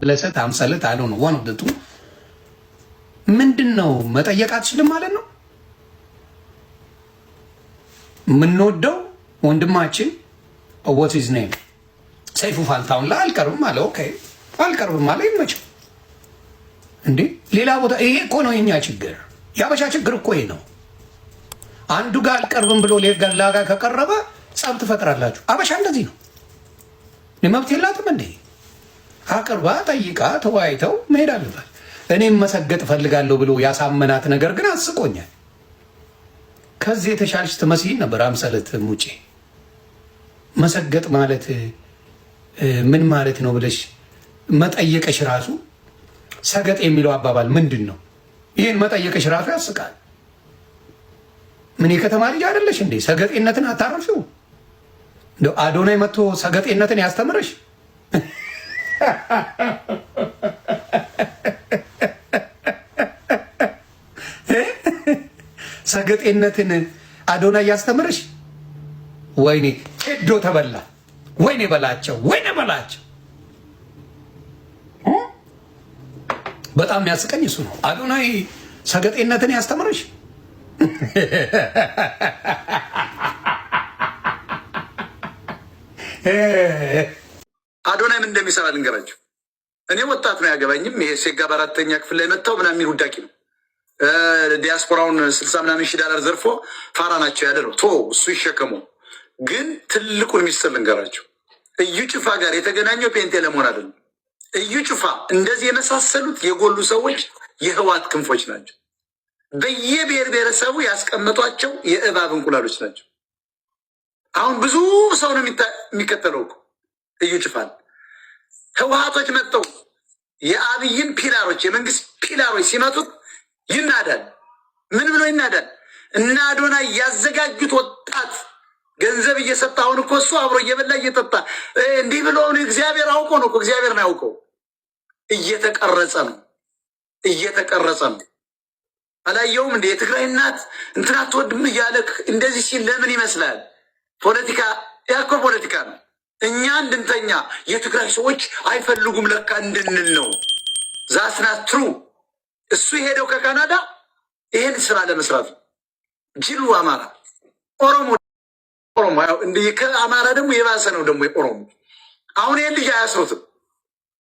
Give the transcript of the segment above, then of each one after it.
ብለሰት አምሳለት አለው ነው ዋን ወደቱ ምንድን ነው መጠየቅ አትችልም ማለት ነው። የምንወደው ወንድማችን ወት ዝ ኔም ሰይፉ ፋንታሁን ላይ አልቀርብም አለ። ኦኬ አልቀርብም አለ። ይመቸው እንዴ ሌላ ቦታ ይሄ እኮ ነው የኛ ችግር፣ የአበሻ ችግር እኮ ይሄ ነው። አንዱ ጋር አልቀርብም ብሎ ሌላ ጋር ከቀረበ ጸብ ትፈጥራላችሁ። አበሻ እንደዚህ ነው። መብት የላትም እንዴ? አቅርባ ጠይቃ ተወያይተው መሄድ አለባት። እኔም መሰገጥ እፈልጋለሁ ብሎ ያሳመናት ነገር ግን አስቆኛል። ከዚህ የተሻለች ትመስይ ነበር አምሰለት ሙጪ መሰገጥ ማለት ምን ማለት ነው ብለሽ መጠየቀሽ ራሱ ሰገጥ የሚለው አባባል ምንድን ነው? ይህን መጠየቀሽ ራሱ ያስቃል። ምን የከተማ ልጅ አይደለሽ እንዴ? ሰገጤነትን አታረፊው። አዶናይ መጥቶ ሰገጤነትን ያስተምርሽ። ሰገጤነትን አዶና እያስተምርሽ። ወይኔ ሄዶ ተበላ። ወይኔ በላቸው፣ ወይኔ በላቸው። በጣም የሚያስቀኝ እሱ ነው። አዶናይ ሰገጤነትን ያስተምርሽ። አዶናይ ምን እንደሚሰራ ልንገራቸው። እኔ ወጣት ነው ያገባኝም። ይሄ ሴጋ በአራተኛ ክፍል ላይ መጥተው ምናምን የሚል ውዳቂ ነው። ዲያስፖራውን ስልሳ ምናምን ሺህ ዳላር ዘርፎ ፋራ ናቸው ያለ ነው። ቶ እሱ ይሸከመው። ግን ትልቁን ሚስጥር ልንገራቸው። እዩ ጭፋ ጋር የተገናኘው ጴንጤ ለመሆን አይደለም። እዩ ጭፋ እንደዚህ የመሳሰሉት የጎሉ ሰዎች የህዋት ክንፎች ናቸው። በየብሔር ብሔረሰቡ ያስቀመጧቸው የእባብ እንቁላሎች ናቸው። አሁን ብዙ ሰው ነው የሚከተለው እዩ ጭፋን። ህወሀቶች መጥተው የአብይን ፒላሮች የመንግስት ፒላሮች ሲመቱት ይናዳል። ምን ብሎ ይናዳል? እና አዶናይ ያዘጋጁት ወጣት ገንዘብ እየሰጠ አሁን እኮ እሱ አብሮ እየበላ እየጠጣ እንዲህ ብሎ እግዚአብሔር አውቆ ነው እግዚአብሔር ነው ያውቀው። እየተቀረጸ ነው እየተቀረጸ ነው። አላየውም እንደ የትግራይ እናት እንትና አትወድም እያለ እንደዚህ ሲል ለምን ይመስላል? ፖለቲካ ያኮ ፖለቲካ ነው። እኛ እንድንተኛ የትግራይ ሰዎች አይፈልጉም ለካ እንድንል ነው። ዛስና ትሩ እሱ የሄደው ከካናዳ ይሄን ስራ ለመስራት ጅሉ አማራ ኦሮሞ ኦሮሞ ከአማራ ደግሞ የባሰ ነው ደግሞ ኦሮሞ። አሁን ይህን ልጅ አያስሩትም፣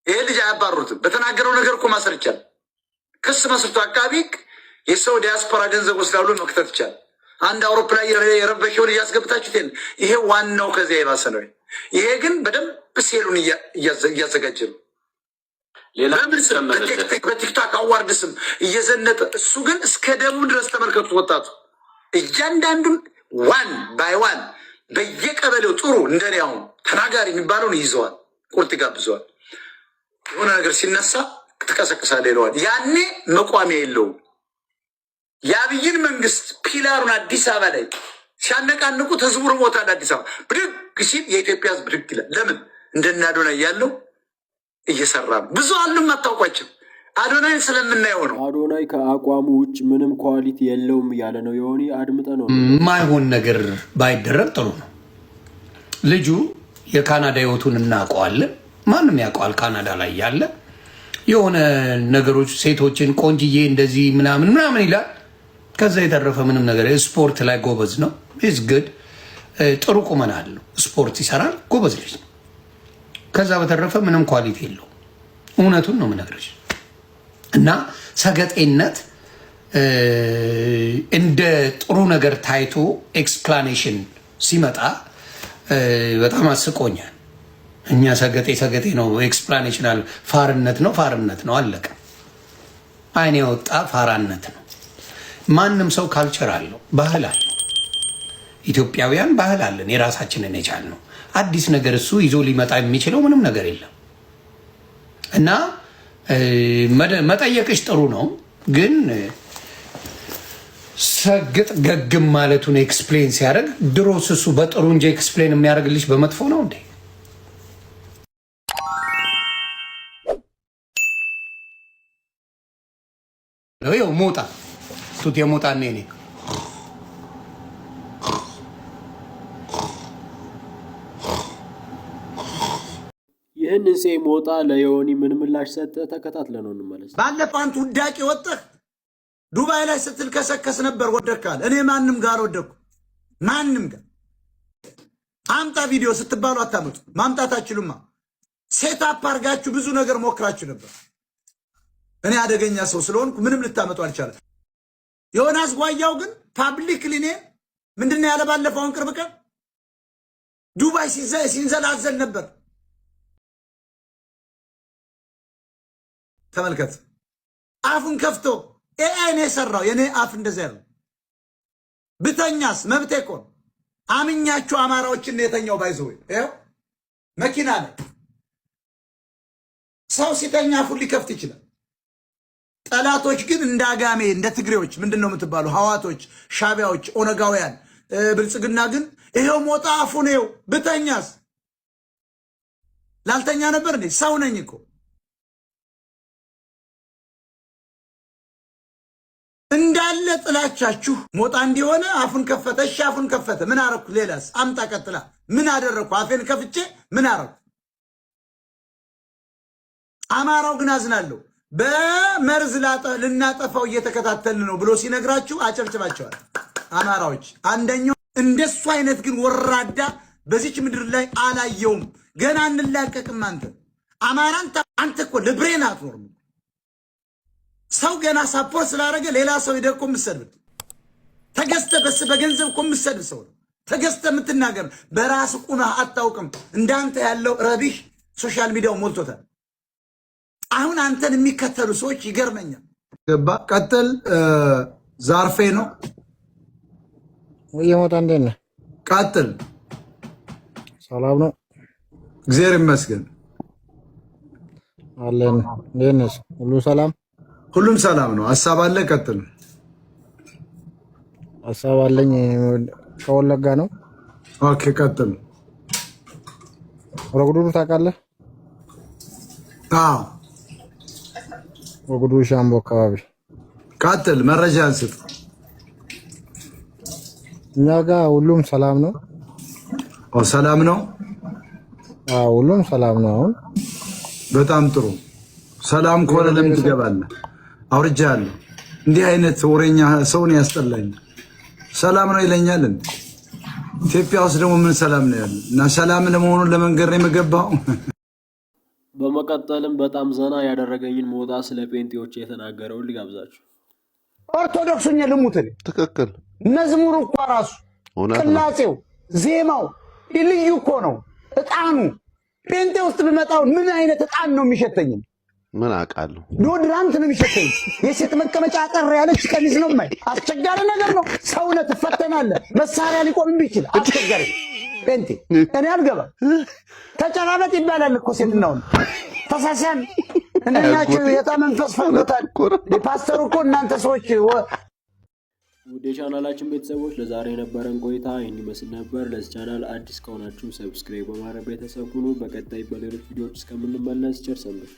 ይሄ ልጅ አያባሩትም። በተናገረው ነገር እኮ ማሰር ይቻላል። ክስ መስርቶ አቃቢ የሰው ዲያስፖራ ገንዘብ ወስዳሉ መክተት ይቻላል። አንድ አውሮፕላን የረበሸው ልጅ አስገብታችሁት ይሄ ዋናው ከዚያ የባሰ ነው። ይሄ ግን በደንብ ሴሉን እያዘጋጀ ነው። በቲክቶክ አዋርድ ስም እየዘነጠ እሱ ግን እስከ ደቡ ድረስ ተመልከቱት። ወጣቱ እያንዳንዱን ዋን ባይ ዋን በየቀበሌው ጥሩ እንደኔ አሁን ተናጋሪ የሚባለውን ይዘዋል፣ ቁርጥ ይጋብዘዋል። የሆነ ነገር ሲነሳ ትቀሰቅሳለህ ይለዋል። ያኔ መቋሚያ የለውም። የአብይን መንግስት ፒላሩን አዲስ አበባ ላይ ሲያነቃንቁት ህዝቡ ርቦታል። አዲስ አበባ ብድግ ሲል የኢትዮጵያ ህዝብ ብድግ ይላል። ለምን እንደና አዶናይ ያለው እየሰራ ነው። ብዙ አሉም አታውቋቸው አዶናይን ስለምናየው ነው። አዶናይ ከአቋሙ ውጭ ምንም ኳሊቲ የለውም እያለ ነው የሆነ አድምጠ ነው የማይሆን ነገር ባይደረግ ጥሩ ነው። ልጁ የካናዳ ህይወቱን እናውቀዋለን። ማንም ያውቀዋል። ካናዳ ላይ ያለ የሆነ ነገሮች ሴቶችን ቆንጅዬ እንደዚህ ምናምን ምናምን ይላል። ከዛ የተረፈ ምንም ነገር ስፖርት ላይ ጎበዝ ነው። ኢዝ ግድ ጥሩ ቁመና አለው። ስፖርት ይሰራል። ጎበዝ ልጅ ነው። ከዛ በተረፈ ምንም ኳሊቲ የለው። እውነቱን ነው የምነግርሽ። እና ሰገጤነት እንደ ጥሩ ነገር ታይቶ ኤክስፕላኔሽን ሲመጣ በጣም አስቆኛል። እኛ ሰገጤ ሰገጤ ነው፣ ኤክስፕላኔሽን ፋርነት ነው፣ ፋርነት ነው አለቀ። አይን የወጣ ፋራነት ነው። ማንም ሰው ካልቸር አለው፣ ባህል አለው። ኢትዮጵያውያን ባህል አለን፣ የራሳችንን ነው። አዲስ ነገር እሱ ይዞ ሊመጣ የሚችለው ምንም ነገር የለም እና መጠየቅሽ ጥሩ ነው ግን ሰግጥ ገግም ማለቱን ኤክስፕሌን ሲያደርግ ድሮስ እሱ በጥሩ እንጂ ኤክስፕሌን የሚያደርግልሽ በመጥፎ ነው እንዴ? ይኸው ሞጣ ቱት የሞጣን ኔ ይህንን ሴ ሞጣ ለዮኒ ምን ምላሽ ሰጠ? ተከታትለ ነው እንመለስ። ባለፈው አንተ ውዳቂ ወጥህ ዱባይ ላይ ስትልከሰከስ ነበር። ወደካል እኔ ማንም ጋር ወደኩ ማንም ጋር አምጣ ቪዲዮ ስትባሉ አታመጡ። ማምጣት አችሉማ። ሴት አፕ አርጋችሁ ብዙ ነገር ሞክራችሁ ነበር። እኔ አደገኛ ሰው ስለሆንኩ ምንም ልታመጡ አልቻለም። ዮናስ ጓያው ግን ፓብሊክሊ እኔ ምንድን ነው ያለ ባለፈውን ቅርብ ቀን ዱባይ ሲንዘላዘል ነበር። ተመልከት። አፉን ከፍቶ ኤአይ ነው የሰራው። የኔ አፍ እንደዚያ ያለው ብተኛስ መብቴ እኮ ነው። አምኛችሁ አማራዎችን ነው የተኛው። ባይዘው ይኸው መኪና ላይ ሰው ሲተኛ አፉን ሊከፍት ይችላል። ጠላቶች ግን እንደ አጋሜ እንደ ትግሬዎች ምንድን ነው የምትባሉ ሐዋቶች፣ ሻቢያዎች፣ ኦነጋውያን፣ ብልጽግና ግን ይሄው ሞጣ አፉን ብተኛስ ላልተኛ ነበር እንዴ? ሰው ነኝ እኮ እንዳለ ጥላቻችሁ ሞጣ እንዲሆነ አፉን ከፈተ። እሺ አፉን ከፈተ። ምን አረኩ? ሌላስ አምጣ። ቀጥላ ምን አደረኩ አፌን ከፍቼ ምን አረኩ? አማራው ግን አዝናለሁ። በመርዝ ልናጠፋው እየተከታተል ነው ብሎ ሲነግራችሁ አጨብጭባቸዋል። አማራዎች አንደኛው እንደሱ አይነት ግን ወራዳ በዚች ምድር ላይ አላየውም። ገና እንላቀቅም። አንተ አማራን አንተ እኮ ልብሬን አትኖርም። ሰው ገና ሳፖርት ስላደረገ ሌላ ሰው ሂደህ እኮ የምትሰድብ ተገዝተ በስ በገንዘብ እኮ የምትሰድብ ሰው ተገዝተ የምትናገር በራስ ቁና አታውቅም። እንዳንተ ያለው ረቢህ ሶሻል ሚዲያው ሞልቶታል። አሁን አንተን የሚከተሉ ሰዎች ይገርመኛል። ገባ ቀጥል። ዛርፌ ነው እየሞታ እንደነ ቀጥል። ሰላም ነው እግዚአብሔር ይመስገን አለን። እንዴት ሁሉ ሰላም ሁሉም ሰላም ነው። ሀሳብ አለ? ቀጥል። ሀሳብ አለኝ ከወለጋ ነው። ኦኬ ቀጥል። ረጉዱሩ ታውቃለህ? አዎ ወግዱ ሻምቦ አካባቢ ቀጥል። መረጃ አንስጥ። እኛ ጋር ሁሉም ሰላም ነው። ኦ ሰላም ነው። አዎ ሁሉም ሰላም ነው። አሁን በጣም ጥሩ። ሰላም ከሆነ ለምን ትገባለህ? አውርጃለሁ። እንዲህ አይነት ወሬኛ ሰውን ያስጠላኝ። ሰላም ነው ይለኛል እንዴ? ኢትዮጵያ ውስጥ ደግሞ ምን ሰላም ነው ያለ እና ሰላም ለመሆኑን ለመንገር ነው የምገባው። በመቀጠልም በጣም ዘና ያደረገኝን ሞጣ ስለ ጴንጤዎች የተናገረው ልጋብዛችሁ። ኦርቶዶክሱኝ ልሙትን ትክክል። መዝሙሩ እኳ ራሱ ቅላጼው፣ ዜማው ልዩ እኮ ነው። እጣኑ ጴንጤ ውስጥ ብመጣውን ምን አይነት እጣን ነው የሚሸተኝም? ምን አውቃለሁ። ዶድራንት ነው የሚሸተኝ። የሴት መቀመጫ አጠር ያለች ቀሚስ ነው ማይ። አስቸጋሪ ነገር ነው። ሰውነት ትፈተናለህ። መሳሪያ ሊቆም ይችላል። አስቸጋሪ ጴንጤ እኔ አልገባም። ተጨራረጥ ይባላል እኮ ሴትናውን ተሳሳን እንደናቸው የጣ መንፈስ ፈንጎታል። ፓስተሩ እኮ እናንተ ሰዎች ወደ ቻናላችን ቤተሰቦች ለዛሬ የነበረን ቆይታ ይህን ይመስል ነበር። ለዚህ ቻናል አዲስ ከሆናችሁ ሰብስክራይብ በማድረግ ቤተሰብ ሁኑ። በቀጣይ በሌሎች ቪዲዮዎች እስከምንመለስ ቸር ሰንብቱ።